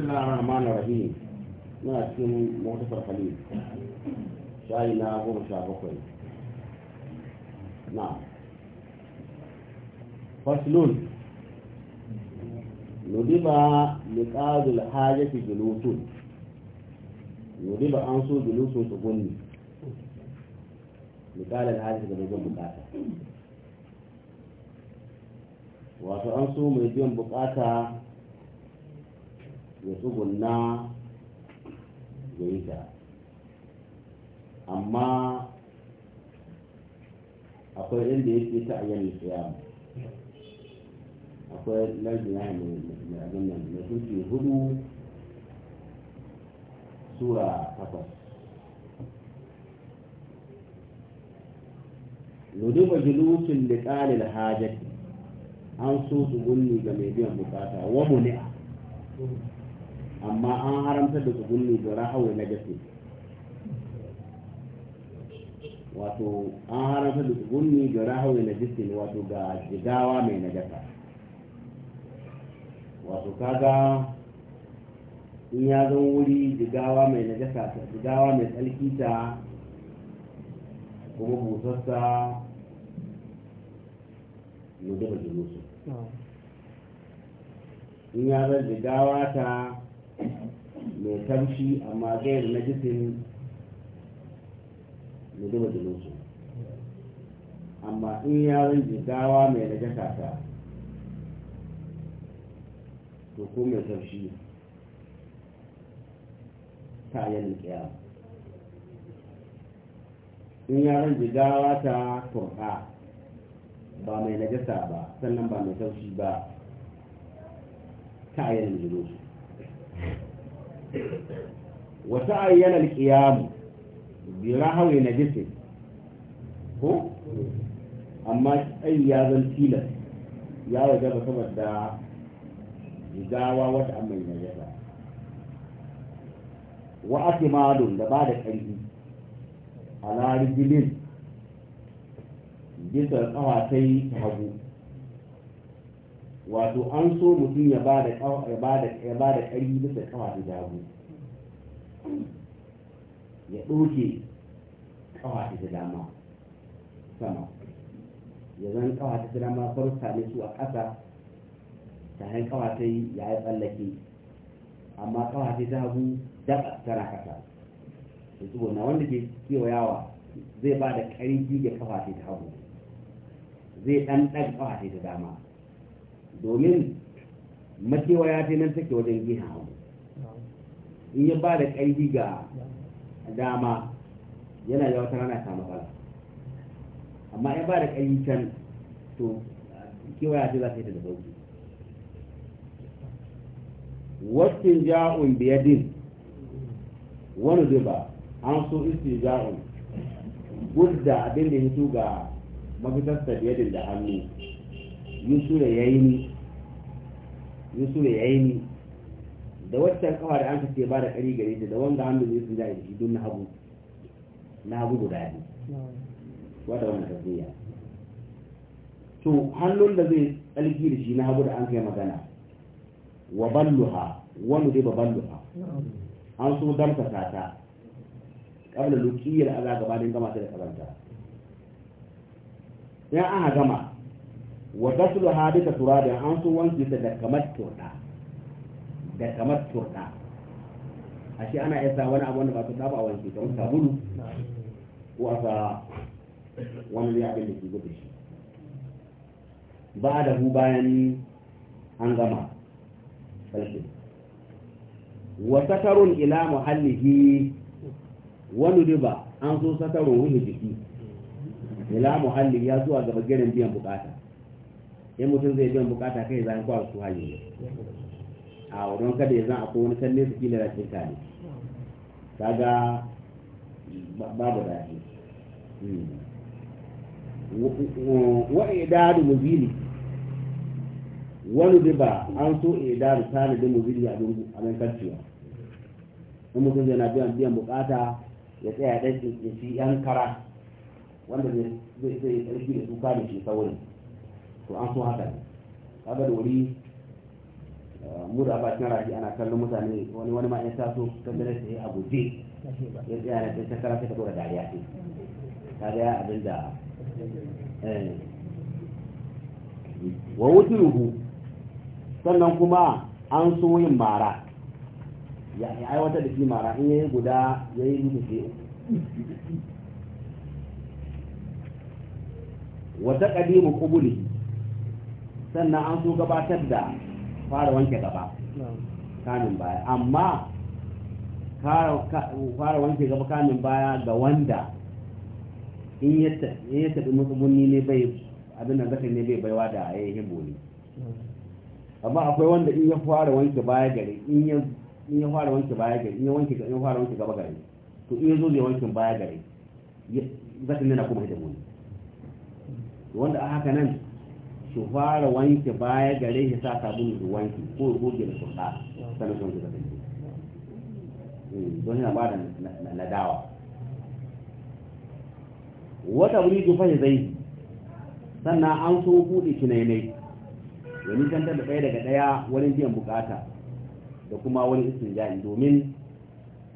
الله الرحمن الرحيم ما اسم مغتفر خليل شاينا أبو مشابقين نعم فصل ندب لقاد الحاجة جلوس ندب أنسو جلوس تقني لقاد الحاجة جلوس بقاتا wato an so mai biyan bukata ya tsugunna ya yi ta amma akwai inda yake ta a yanin tsiyama akwai ya lardina mai abin nan na suke hudu sura takwas nuduba da kalil hajjati an so tsugunni ga mai biyan bukata wa muni'a amma an haramta da tsugunni da rahawai na gaske wato an haramta da tsugunni da rahawai na gaske wato ga jigawa mai nagasa wato kaga in ya zan wuri jigawa mai ta jigawa mai tsarki ta kuma busassa yau da bajin in ya zan jigawa ta mai kamshi amma gayar na jisin da duba jininsu amma in yaron gawa mai na jakata to ko mai kamshi ta yin kiyama in yaron gawa ta turka ba mai najasa ba sannan ba mai taushi ba ta yin jininsu wata ayyana alƙiyamu bira hawaye na jise ko amma ai ya zan tilas ya waje ba saboda gawa wata amma yi najasa wa ake madon da ba da ƙarfi a larijilin bisa ƙawatai ta hagu wato an so mutum ya ba da ƙarfi bisa ƙawatai ta hagu ya ɗauke ƙawa ta dama sama ya zan ƙawa ta dama farsa ne su a ƙasa ta hanyar ƙawa ta yi ya yi tsallake amma ƙawa ta hagu daga tana ƙasa da su na wanda ke yawa zai ba da ƙarfi ga ƙawa ta hagu zai ɗan ɗan ƙawa ta dama domin makewaya ta nan take wajen gina hagu in ya ba da ƙarfi ga dama yana da wata rana ta matsala amma in ba da ƙarfi can to kewaya ce za ta yi da sauki wasu ja'un biyadin wani zuba an so isi ja'un gudda abin da hito ga mafitarsa biyadin da hannu yusura yayi ni yusura yayi ni da waccan kawa da an ce ba da kari gare ta da wanda hannu zai sun jaye shi don na hagu na hagu guda ne wata wannan tafiya to hannun da zai tsalki da shi na hagu da an kai magana wa balluha wani dai ba balluha an so damfasa ta kabla lukiyar gaba gabanin gama ta da karanta yan an gama wa tasluha duka turadin an so wanke ta da kamar turda da kamar a shi ana yasa wani abu wanda ba su ba a wanke don sabulu ko a sa wani zai abin da ke gudu shi ba da hu bayan an gama sarki wa satarun ila muhallihi wani riba an so satarun wuce jiki ila muhalli ya zuwa gaba gidan biyan bukata in mutum zai biyan bukata kai zai kwa su hanyoyi a don kada ya zan a wani kalle su kila da shirka ne kaga babu daɗi hmm. wa idadu muzili wani diba an so idadu tani da muzili a nan karciwa in mutum zai na biyan biyan bukata ya tsaya ɗan ya ci yan kara wanda zai zai tsarki da tuka da shi saurin to an so haka ne kaga da wuri mu a bakin rafi ana kallon mutane wani wani ma ya taso ta gare sai a guje ya tsaya na ta kara ta dora dariya ce ta ga abin da eh, wa ruhu sannan kuma an so yin mara ya aiwatar da shi mara in yayi guda ya yi rufe sai wata qadimu qubuli sannan an so gabatar da fara wanke gaba kamin baya amma fara wanke gaba kamin baya ga wanda in ya tafi musulmi ne bai abin da zaka ne bai baiwa da ya yi hibo amma akwai wanda in ya fara wanke baya gari in ya fara wanke baya gari in ya wanke in fara wanke gaba gari to in ya zo zai wankin baya gari zaka ne na kuma hibo ne hmm. wanda a haka nan su fara wanke baya gare shi sa sabulu su wanke ko goge da kurɗa sannan sun zuba kai hmm, don yana ba da nadawa wata wuri ko ya zai sannan an so buɗe tunainai ya nisantar da ɗaya daga ɗaya wani biyan bukata da kuma wani istinja'i domin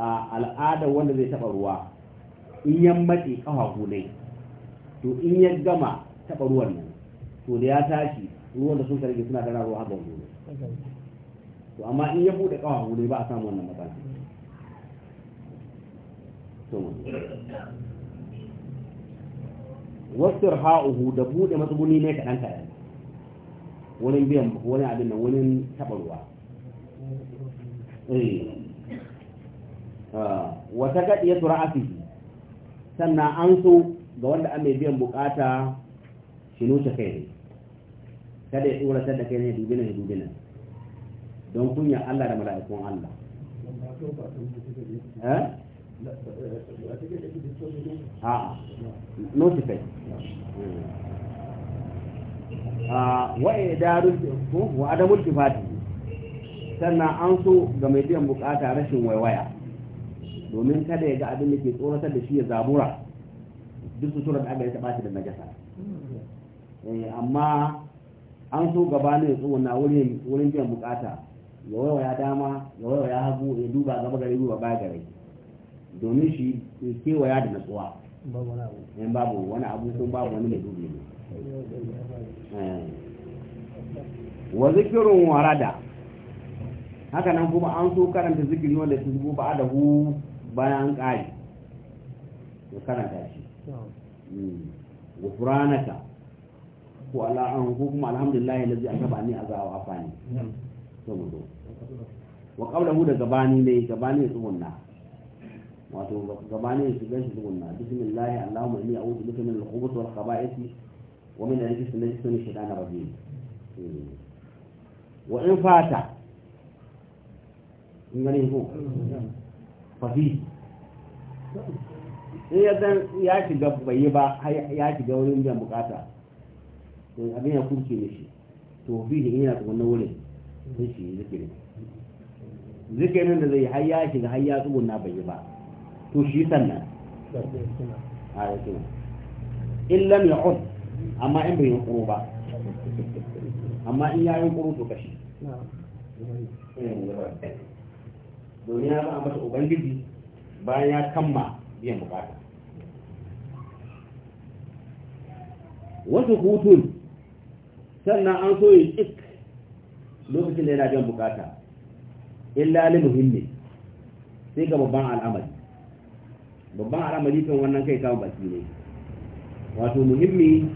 a al'adar wanda zai taɓa ruwa in yan matse ƙafa hulai to in ya gama taɓa ruwan nan to da ya tashi ruwan da sun karge suna kana ruwa haɓar gudu to amma in ya buɗe ƙawa gudu ba a samu wannan matsala wasu ha'uhu da buɗe matsuguni ne kaɗan kaɗan wani biyan wani abin da wani taɓa ruwa eh. ah, wata gaɗi ya tura asiri sannan an so ga wanda an mai biyan bukata shi nuce kai ne kada ya tsoratar da kai ne dubi na dubi na don kunya Allah da mala'ikun Allah no eh? a notify a ah, wa idarun ko wa adamul kifati sannan an so ga mai biyan bukata rashin waiwaya domin kada ya ga abin da ke tsoratar da shi ya zabura duk su suturar da aka yi taɓa shi da najasa eh, amma an so gaba ne ya tsona wurin biyan bukata ya waiwaya dama ya waiwaya hagu ya duba gaba gare duba baya gare domin shi kewaya da natsuwa in babu wani abu sun babu wani mai dubi ne eh. wa zikirin warada haka nan kuma an so karanta zikiri wanda su zubo ba da hu bayan kari ya karanta shi gufranaka ko ala an ko kuma alhamdulillah lazi aka bani azawa afani saboda wa hu da gabani ne gabani tsugunna wato gabani su gan shi tsugunna bismillah allahumma inni a'udhu bika min al-khubuth wal khaba'ith wa min al-rijsi min sunni na rajim hmm. wa in fata in gani ko fafi in ya ya shiga bai yi ba ya shiga wurin biyan bukata to eh, abin ya kunce da shi to fihi in yana wannan wurin sai shi zikirin zikirin da zai har ya shiga har ya na bai ba to shi sannan a yi yakin in lam ya'ud amma in bai yunkuru ba amma in ya yunkuru to kashi domin ya ba masa ubangiji bayan ya kamma biyan bukata wasu hutun sannan an so yin ik lokacin da yana jan bukata illa li muhimmi sai ga babban al'amari babban al'amari kan wannan kai kawo baki ne wato muhimmi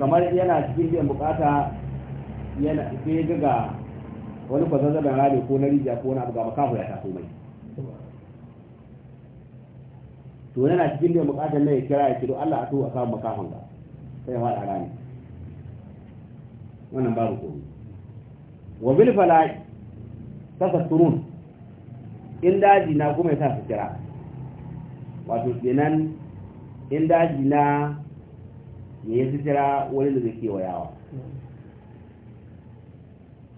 kamar yana cikin biyan bukata yana sai ga ga wani da rami ko na rijiya ko na abu ga ya taso mai to yana cikin biyan bukatar na ya kira ya kiro Allah a to a samu makafin ga sai ya faɗa rami wannan babu komai wa bil fala'i tasatturun in daji na kuma ta sa kira wato kenan in daji na ya yi sitira wani da zai kewayawa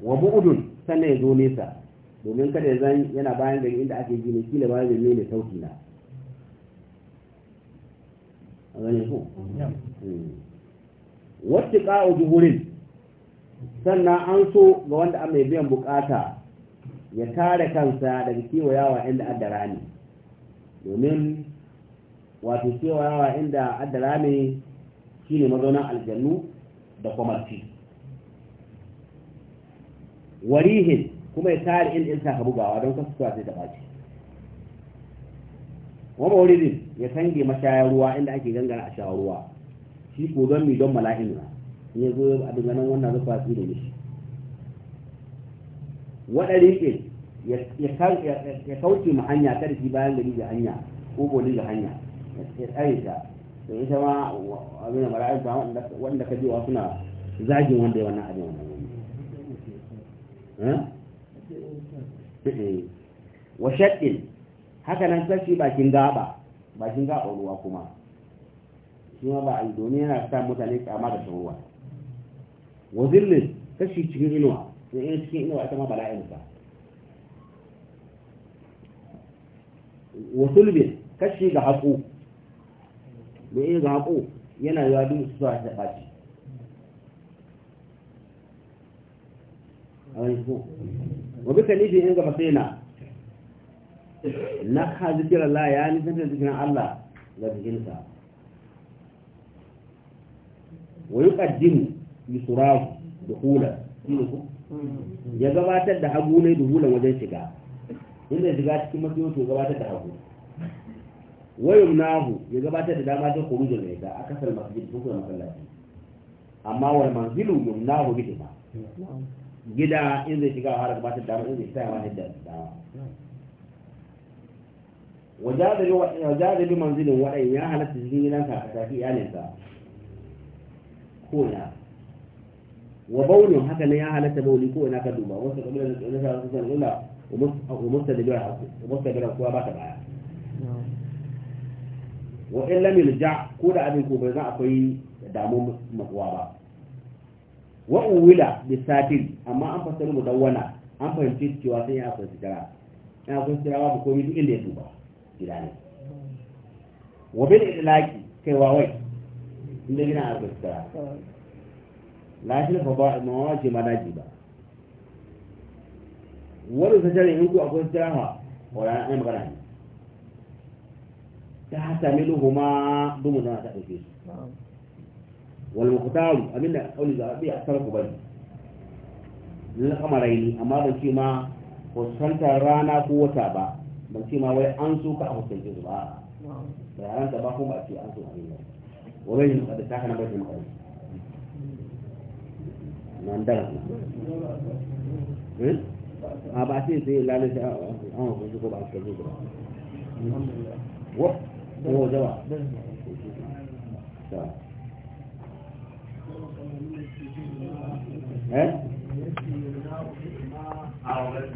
wa bu'udun sannan ya zo nesa domin kada ya zan yana bayan da inda ake gini kila bayan gari ne sauki na a ganin ko hmm. wacce ka'o juhurin sannan an so ga wanda an mai biyan bukata ya kare kansa daga kewayawa inda addara ne domin wato kewayawa inda addara ne shi ne mazaunan aljannu da kwamarci warihin kuma ya kare inda in saka bugawa don kasuwa sai ta ɓaci wani warihin ya sange mashayar ruwa inda ake gangana a shawarwa, ruwa shi ko don mi don mala'in ya zo a daga nan wannan rufa su da shi waɗari rike ya kauce ma hanya karfi bayan gari da hanya ko goli da hanya ya tsare ta to ita ma abin da mara'ayi ba wanda ka jiwa suna zagin wanda ya wannan abin wannan wani eh? eh. wa shaɗin haka nan bakin gaba bakin gaba ruwa kuma shi ma ba a yi domin yana sa mutane kama da ruwa wa zillin kashi cikin inuwa to in cikin inuwa ita ma bala'in sa ga haƙo da in ga haƙo yana yawa duk su sa da wani ko wa na Allah ya Allah ga jikinsa wa yusrahu duhula ya gabatar da hagu ne duhula wajen shiga inda shiga cikin mafiyo to gabatar da hagu wayum nahu ya gabatar da dama don kuruje ne da a kasar masjid ko kuma masallaci amma wal manzilu yum nahu bi ma gida inda zai shiga har gabatar da dama sai ma hidda da wajada bi manzilin wadai ya halatta cikin gidansa a tafi iyalinsa ko ya? wa baulun haka ne ya halatta bauli ko ina ka duba wasu kabila da tsoron sa sun nuna umarta da biyar haku umarta da biyar kuwa ba ta baya wa in lam yulja ko da abin ko bai za akwai damu makuwa ba wa uwila bi satin amma an fasara mudawwana an fahimci cewa sai ya akwai sigara ina akwai sigara ba komai duk inda ya duba gida ne wa bil ilaki kai wawai inda gina akwai sigara lahil fada ma ce ma daji ba wani sajari in ku akwai siraha wala an magana ne ta hasa milu kuma dumu na ta ɗauke su Wani muqtaru abinda kauli zabi a sarku bane kama raini amma ban ce ma fuskantar rana ko wata ba ban ce ma wai an so ka a fuskance su ba bayanan ta ba kuma a ce an so a yi wani yin kada ta hana bai da mandara a ba lalace, sai lalata an wa kunshi ko ba eh